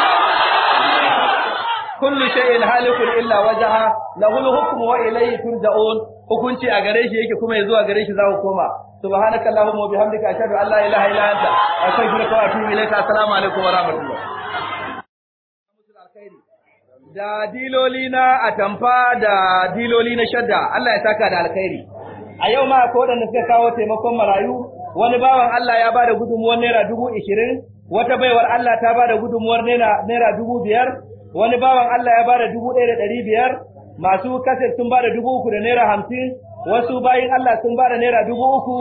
كل شيء هالك إلا وجهه له الحكم وإليه ترجعون hukunci a gare shi yake kuma ya zuwa gare shi za ku koma سبحانك اللهم وبحمدك أشهد أن لا إله إلا أنت أستغفرك وأتوب إليك السلام عليكم ورحمة الله da diloli na atamfa da diloli na shadda Allah ya saka da alkhairi a yau ma ko waɗanda suka kawo taimakon marayu wani bawan Allah ya bada gudunmuwar naira dubu ishirin wata baiwar Allah ta bada gudunmuwar naira dubu biyar wani bawan Allah ya bada dubu ɗaya da ɗari biyar masu kasir sun bada dubu uku da naira hamsin wasu bayin Allah sun ba da naira dubu uku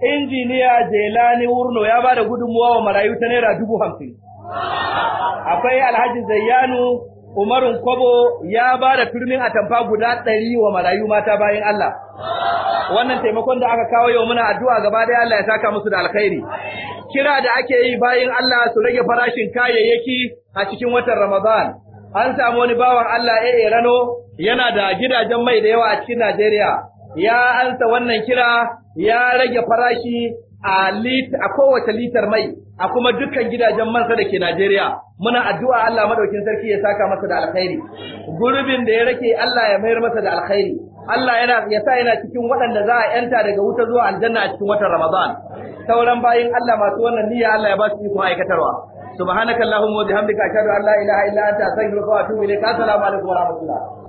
injiniya Jelani Wurno ya ba da gudunmuwa wa marayu ta naira dubu hamsin akwai Alhaji Zayyanu Umarun Kwabo ya ba da turmin atamfa guda ɗari wa marayu mata bayin Allah wannan taimakon da aka kawo yau muna addu'a gaba da Allah ya saka musu da alkhairi kira da ake yi bayin Allah su rage farashin kayayyaki a cikin watan Ramadan an samu wani bawan Allah ya Rano yana da gidajen mai da yawa a cikin Najeriya ya ansa wannan kira ya rage farashi a kowace litar mai a kuma dukkan gidajen mansa da ke Najeriya muna addu'a Allah madaukin sarki ya saka masa da alkhairi gurbin da ya rake Allah ya mayar masa da alkhairi Allah yana ya sa yana cikin waɗanda za a yanta daga wuta zuwa aljanna a cikin watan Ramadan sauran bayin Allah masu wannan niyya Allah ya ba su ikon aikatarwa subhanakallahumma wa bihamdika ashhadu an la ilaha illa anta astaghfiruka wa atubu ilaik assalamu alaikum wa rahmatullah